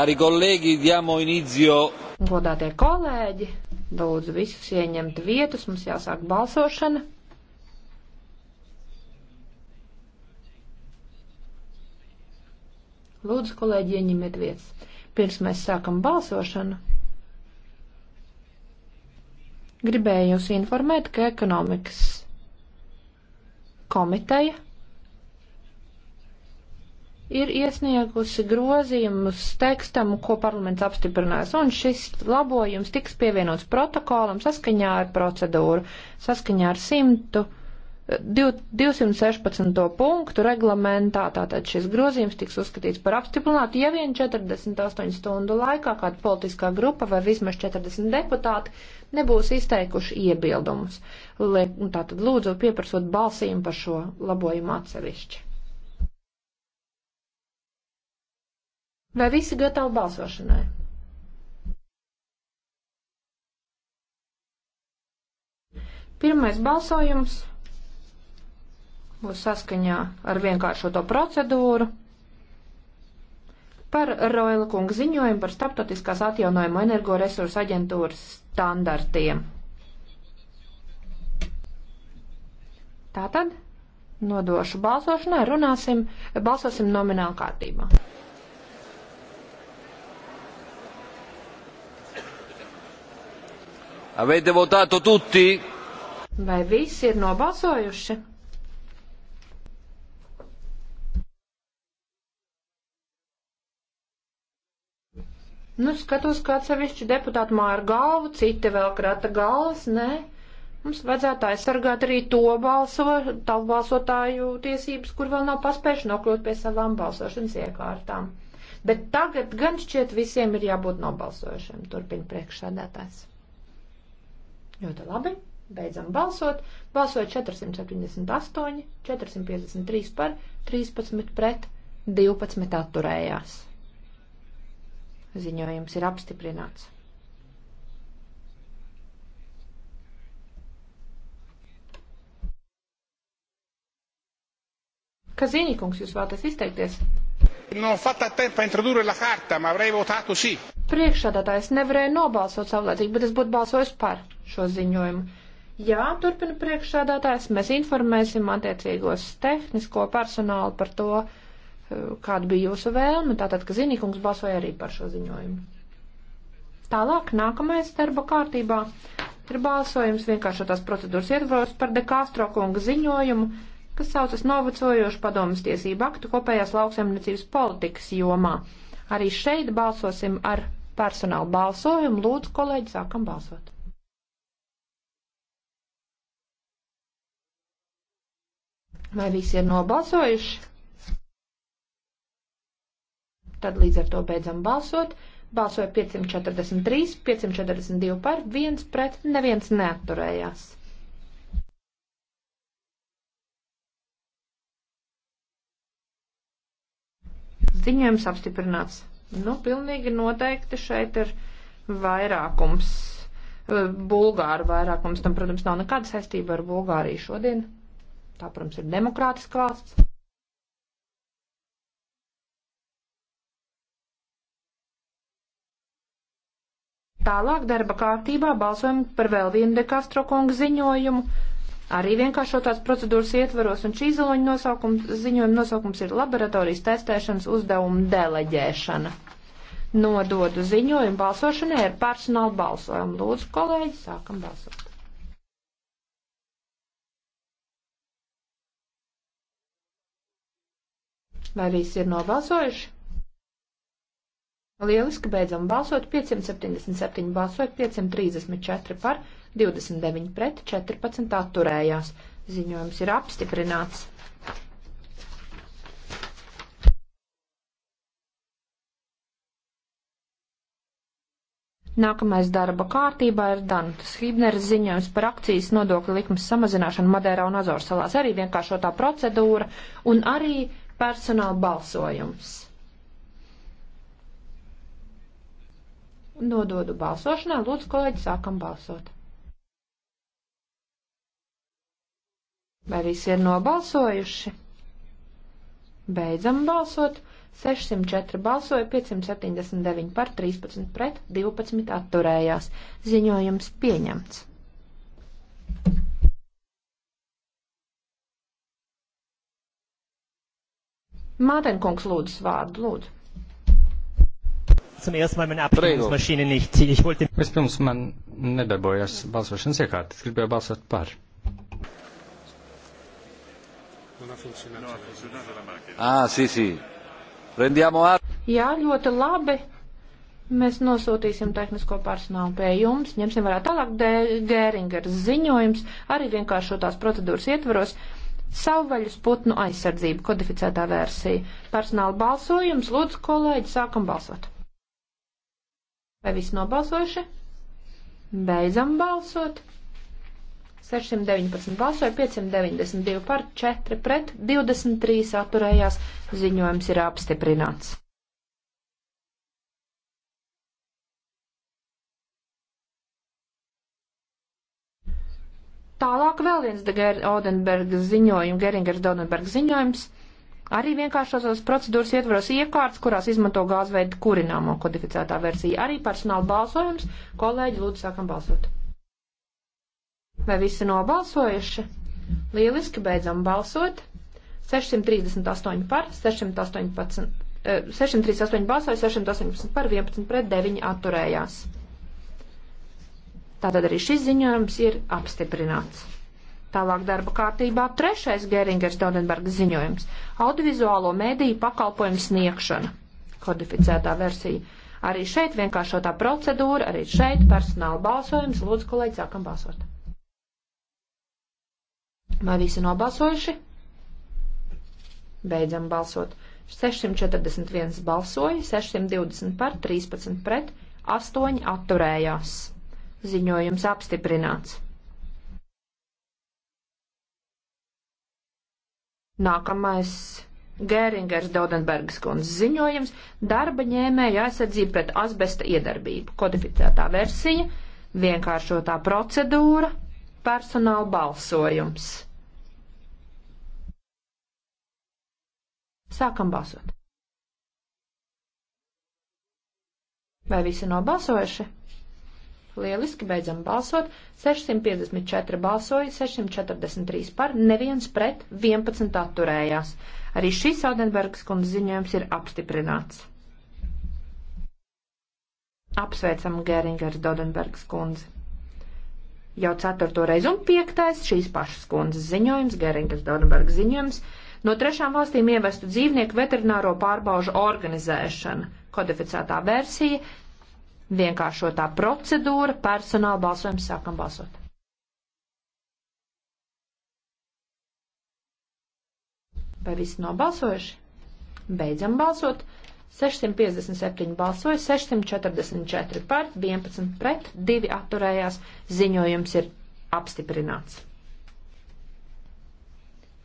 Cari kolēģi, diamo inizio. Godātie kolēģi, lūdzu visus ieņemt vietas, mums jāsāk balsošana. Lūdzu, kolēģi, ieņemiet vietas. Pirms mēs sākam balsošanu, gribēju jūs informēt, ka ekonomikas komiteja ir iesniegusi grozījumus tekstam, ko parlaments apstiprinās, un šis labojums tiks pievienots protokolam saskaņā ar procedūru, saskaņā ar 100. 216. punktu reglamentā, tātad šis grozījums tiks uzskatīts par apstiprinātu, ja vien 48 stundu laikā kāda politiskā grupa vai vismaz 40 deputāti nebūs izteikuši iebildumus. Tātad lūdzu pieprasot balsīm par šo labojumu atsevišķi. Vai visi gatavi balsošanai? Pirmais balsojums būs saskaņā ar vienkāršoto procedūru par Roila kunga ziņojumu par starptautiskās atjaunojuma energoresursu aģentūras standartiem. Tātad nodošu balsošanai, runāsim, balsosim nomināli kārtībā. Avete votato tutti? Vai visi ir nobalsojuši? Nu, skatos, kā atsevišķi deputāti māra galvu, citi vēl krata galvas, nē. Mums vajadzētu aizsargāt arī to balso, tavu balsotāju tiesības, kur vēl nav paspējuši nokļūt pie savām balsošanas iekārtām. Bet tagad gan šķiet visiem ir jābūt nobalsojušiem, turpina priekšsādātājs. Ļoti labi. Beidzam balsot. Balsot 478, 453 par, 13 pret, 12 atturējās. Ziņojums ir apstiprināts. Kazini, kungs, jūs vēlaties izteikties? Non fatta tempo a introdurre la carta, ma avrei votato sì. Priekšsādātājs nevarēja nobalsot savlaicīgi, bet es būtu balsojis par šo ziņojumu. Jā, turpina priekšsādātājs, mēs informēsim attiecīgos tehnisko personālu par to, kāda bija jūsu vēlme, tātad, ka Zinīkungs balsoja arī par šo ziņojumu. Tālāk, nākamais darba kārtībā ir balsojums vienkāršotās procedūras ietvaros par Dekāstro kunga ziņojumu, kas saucas novecojošu padomas tiesību aktu kopējās lauksaimniecības politikas jomā. Arī šeit balsosim ar personālu balsojumu. Lūdzu, kolēģi, sākam balsot! Vai visi ir nobalsojuši? Tad līdz ar to beidzam balsot. Balsoja 543, 542 par, 1 pret, neviens neatturējās. Ziņojums apstiprināts. Nu, pilnīgi noteikti šeit ir vairākums, bulgāru vairākums. Tam, protams, nav nekāda saistība ar Bulgāriju šodien. Tā, protams, ir demokrātiska valsts. Tālāk darba kārtībā balsojam par vēl vienu dekastro kungu ziņojumu. Arī vienkāršotās procedūras ietvaros un šī ziloņa nosaukums, ziņojuma nosaukums ir laboratorijas testēšanas uzdevuma deleģēšana. Nododu ziņojumu balsošanai ar personālu balsojumu. Lūdzu, kolēģi, sākam balsot. Vai visi ir nobalsojuši? Lieliski beidzam balsot 577 balsot, 534 par, 29 pret, 14 atturējās. Ziņojums ir apstiprināts. Nākamais darba kārtībā ir Dantas Hibneres ziņojums par akcijas nodokļu likmes samazināšanu Madeirā un Azorsalās. Arī vienkāršotā procedūra un arī personāla balsojums. Nododu balsošanā, lūdzu, kolēģi, sākam balsot. Vai visi ir nobalsojuši? Beidzam balsot. 604 balsoja, 579 par, 13 pret, 12 atturējās. Ziņojums pieņemts. Mātenkungs lūdzu vārdu, lūdzu. Zum ersten Mal meine Abstimmungsmaschine nicht. Ich wollte. Vispirms man nedarbojās balsošanas iekārta. Es gribēju balsot par. Ah, sì, sì. Prendiamo atto. Jā, ļoti labi. Mēs nosūtīsim tehnisko personālu pie jums, ņemsim vērā tālāk Gēringers ziņojums, arī vienkāršotās procedūras ietvaros savvaļas putnu aizsardzību kodificētā versija. Personāla balsojums, lūdzu, kolēģi, sākam balsot. Vai visi nobalsojuši? Beidzam balsot. 619 balsoja, 592 par, 4 pret, 23 atturējās. Ziņojums ir apstiprināts. Tālāk vēl viens de Ger Odenberga ziņojums, Geringers Odenberga ziņojums. Arī vienkāršos procedūras ietvaros iekārtas, kurās izmanto gāzveidu kurināmo kodificētā versija. Arī personāla balsojums. Kolēģi, lūdzu, sākam balsot. Vai visi nobalsojuši? Lieliski, beidzam balsot. 638 par, 618, 638 eh, balsoja, 618 par, 11 pret 9 atturējās. Tātad arī šis ziņojums ir apstiprināts. Tālāk darba kārtībā trešais Geringers Donenberga ziņojums - audiovizuālo mēdīju pakalpojumu sniegšana, kodificētā versija. Arī šeit vienkāršotā procedūra, arī šeit personāla balsojums. Lūdzu, kolēģi, sākam balsot. Vai visi nobalsojuši? Beidzam balsot. 641 balsoja, 620 par, 13 pret, 8 atturējās. Ziņojums apstiprināts. Nākamais Gēringers Daudenbergas kundzes ziņojums - darba ņēmēja aizsardzība pret asbesta iedarbību. Kodificētā versija, vienkāršotā procedūra, personāla balsojums. Sākam balsot. Vai visi nobalsojuši? Lieliski, beidzam balsot. 654 balsoja, 643 par, neviens pret, 11 atturējās. Arī šis Audenbergs kundze ziņojums ir apstiprināts. Apsveicam Gēringers Dodenbergs kundzi. Jau ceturto reizi un piektais šīs pašas kundzes ziņojums, Gēringers Dodenbergs ziņojums, no trešām valstīm ievestu dzīvnieku veterināro pārbaužu organizēšana, kodificētā versija, vienkāršotā procedūra, personāla balsojums, sākam balsot. Vai visi nobalsojuši? Beidzam balsot. 657 balsoja, 644 par, 11 pret, 2 atturējās. Ziņojums ir apstiprināts.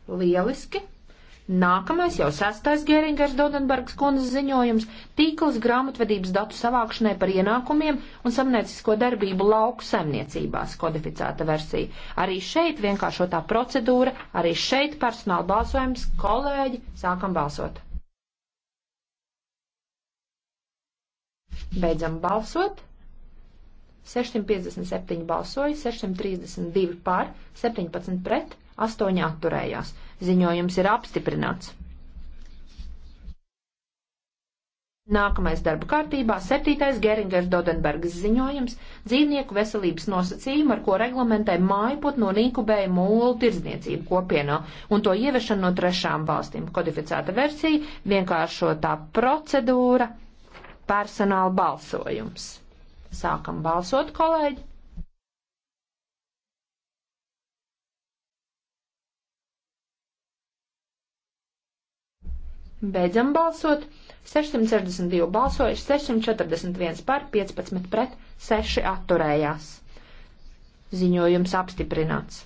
Lieliski! Nākamais jau sastais Geringers Dodenbergs kundzes ziņojums - tīkls grāmatvedības datu savākšanai par ienākumiem un samniecisko darbību lauku saimniecībās - kodificēta versija. Arī šeit vienkāršotā procedūra, arī šeit personāla balsojums - kolēģi, sākam balsot. Beidzam balsot. 657 balsoja, 632 pār, 17 pret, 8 atturējās. Ziņojums ir apstiprināts. Nākamais darba kārtībā - septītais Geringers Dodenbergas ziņojums - dzīvnieku veselības nosacījumi, ar ko reglamentē mājputnu un inkubējumu ulu tirdzniecību kopienā un to ievešanu no trešām valstīm. Kodificēta versija - vienkāršotā procedūra - personāla balsojums. Sākam balsot, kolēģi! Beidzam balsot. 662 balsojuši, 641 par, 15 pret, 6 atturējās. Ziņojums apstiprināts.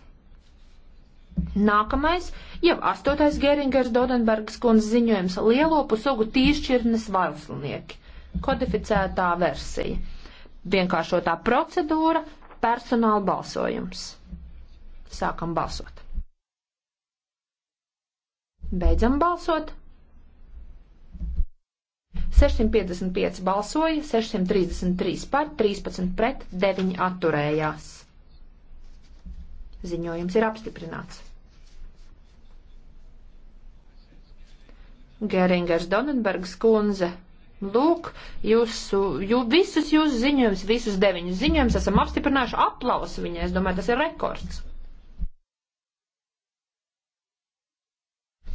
Nākamais, jau astotais Geringers Dodenbergas kundzes ziņojums - lielopu sugu tīšķirnes vaislinieki. Kodificētā versija. Vienkāršotā procedūra - personāla balsojums. Sākam balsot. Beidzam balsot. 655 balsoja, 633 par, 13 pret, 9 atturējās. Ziņojums ir apstiprināts. Geringers Donenbergs kundze. Lūk, jūsu, jū, visus jūsu ziņojumus, visus deviņus ziņojumus esam apstiprinājuši aplausu viņai. Es domāju, tas ir rekords.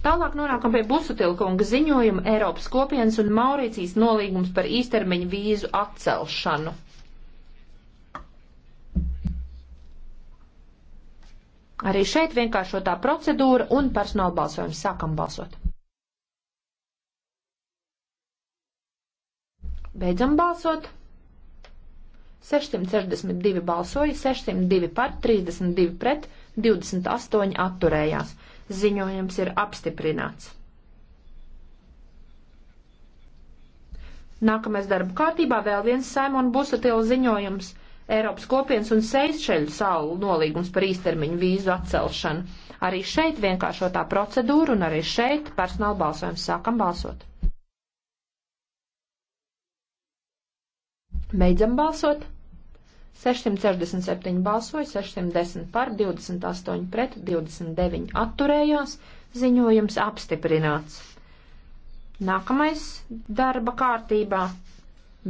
Tālāk nonākam pie Busutilkunga ziņojuma Eiropas kopienas un Maurīcijas nolīgums par īstermiņu vīzu atcelšanu. Arī šeit vienkāršotā procedūra un personāla balsojums. Sākam balsot. Beidzam balsot. 662 balsoja, 602 par, 32 pret, 28 atturējās. Ziņojums ir apstiprināts. Nākamais darba kārtībā vēl viens Saimon Busatila ziņojums - Eiropas kopienas un Seišeļu salu nolīgums par īstermiņu vīzu atcelšanu. Arī šeit vienkāršotā procedūra un arī šeit personāla balsojums sākam balsot. Beidzam balsot. 667 balsoja, 610 par, 28 pret, 29 atturējās. Ziņojums apstiprināts. Nākamais darba kārtībā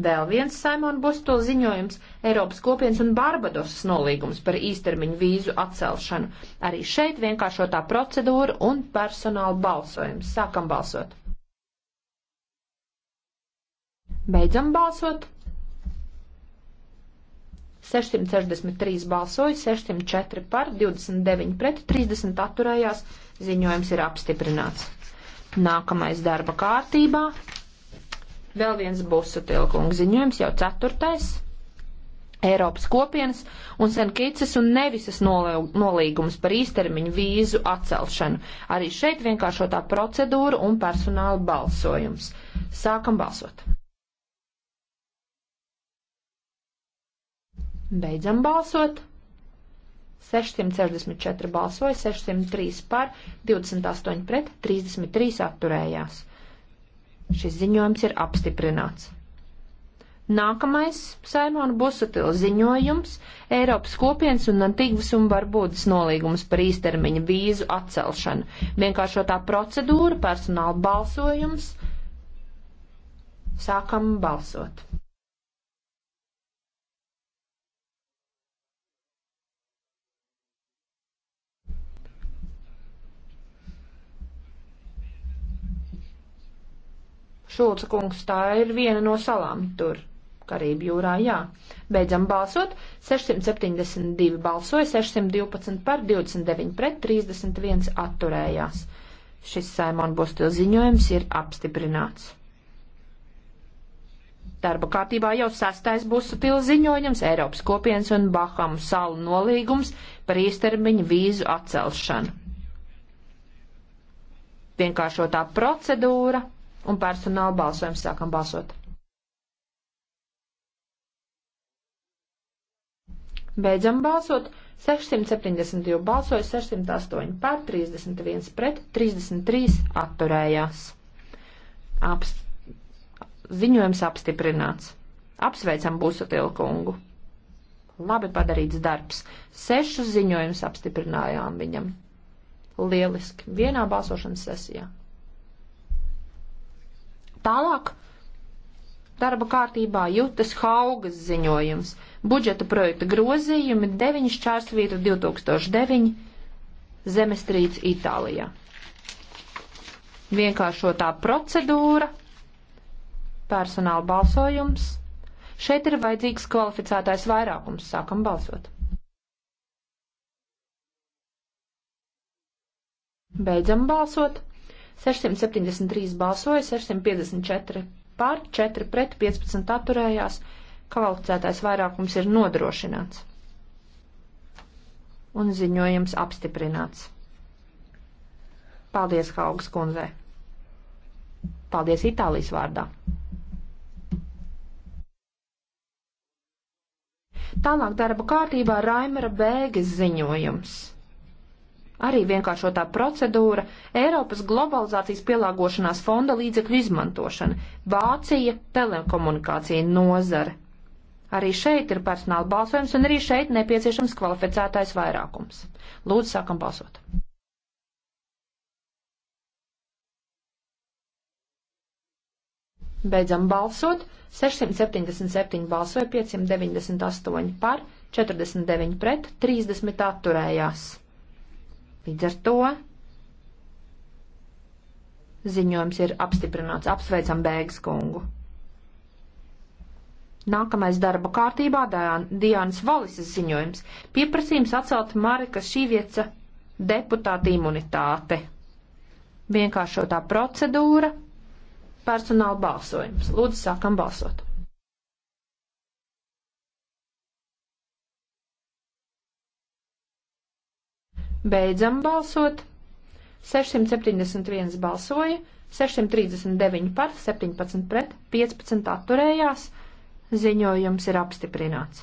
vēl viens Saimon Busto ziņojums - Eiropas kopienas un Barbadosas nolīgums par īstermiņu vīzu atcelšanu. Arī šeit vienkāršotā procedūra un personāla balsojums. Sākam balsot! Beidzam balsot! 663 balsoja, 604 par, 29 pret, 30 atturējās. Ziņojums ir apstiprināts. Nākamais darba kārtībā. Vēl viens būs sutilkungs ziņojums, jau ceturtais. Eiropas kopienas un Senkīcas un nevisas nolīgums par īstermiņu vīzu atcelšanu. Arī šeit vienkāršotā procedūra un personāla balsojums. Sākam balsot! Beidzam balsot. 664 balsoja, 603 par, 28 pret, 33 atturējās. Šis ziņojums ir apstiprināts. Nākamais Saimona Busutila ziņojums - Eiropas kopienas un Antigvas un Barbūdas nolīgums par īstermiņa vīzu atcelšanu. Vienkāršotā procedūra, personāla balsojums. Sākam balsot. Šulca kungs, tā ir viena no salām tur, Karību jūrā, jā. Beidzam balsot, 672 balsoja, 612 par, 29 pret, 31 atturējās. Šis Saimon Bostila ziņojums ir apstiprināts. Darba kārtībā jau sastais Bustila ziņojums - Eiropas kopienas un Bahamu salu nolīgums par īstermiņu vīzu atcelšanu. Vienkāršotā procedūra un personāla balsojums sākam balsot. Beidzam balsot. 672 balsoja, 608 pār, 31 pret, 33 atturējās. Aps, ziņojums apstiprināts. Apsveicam Būsotilu kungu. Labi padarīts darbs. Sešus ziņojumus apstiprinājām viņam. Lieliski. Vienā balsošanas sesijā. Tālāk darba kārtībā Jutas Haugas ziņojums. Budžeta projekta grozījumi 9 šķērsvīta 2009 zemestrīts Itālijā. Vienkāršotā procedūra, personāla balsojums. Šeit ir vajadzīgs kvalificētais vairākums. Sākam balsot. Beidzam balsot. 673 balsoja, 654 par, 4 pret, 15 atturējās. Kvalificētais vairākums ir nodrošināts. Un ziņojums apstiprināts. Paldies, Haugas kundzē. Paldies Itālijas vārdā. Tālāk darba kārtībā Raimera Bēges ziņojums arī vienkāršotā procedūra, Eiropas globalizācijas pielāgošanās fonda līdzekļu izmantošana, Vācija telekomunikācija nozare. Arī šeit ir personāla balsojums, un arī šeit nepieciešams kvalificētais vairākums. Lūdzu, sākam balsot. Beidzam balsot. 677 balsoja, 598 par, 49 pret, 30 atturējās. Līdz ar to ziņojums ir apstiprināts. Apsveicam Bēgas kungu. Nākamais darba kārtībā Diānas Valises ziņojums - pieprasījums atcelt Marika Šīvieca deputāta imunitāte. Vienkāršotā procedūra - personāla balsojums. Lūdzu, sākam balsot! Beidzam balsot. 671 balsoja, 639 par, 17 pret, 15 atturējās. Ziņojums ir apstiprināts.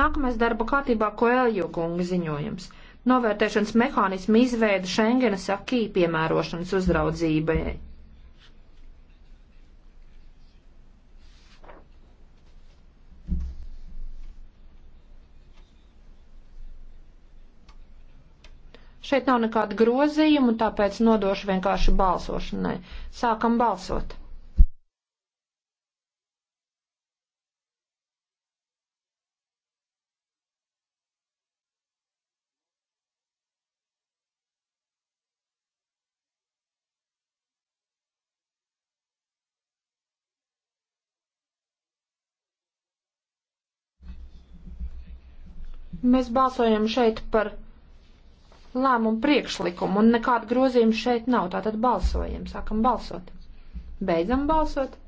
Nākamais darba kārtībā Koelju kunga ziņojums. Novērtēšanas mehānismu izveida Schengenas akī piemērošanas uzraudzībai. Šeit nav nekāda grozījuma, tāpēc nodošu vienkārši balsošanai. Sākam balsot. Mēs balsojam šeit par lēmumu priekšlikumu, un nekādu grozījumu šeit nav. Tātad balsojam, sākam balsot. Beidzam balsot.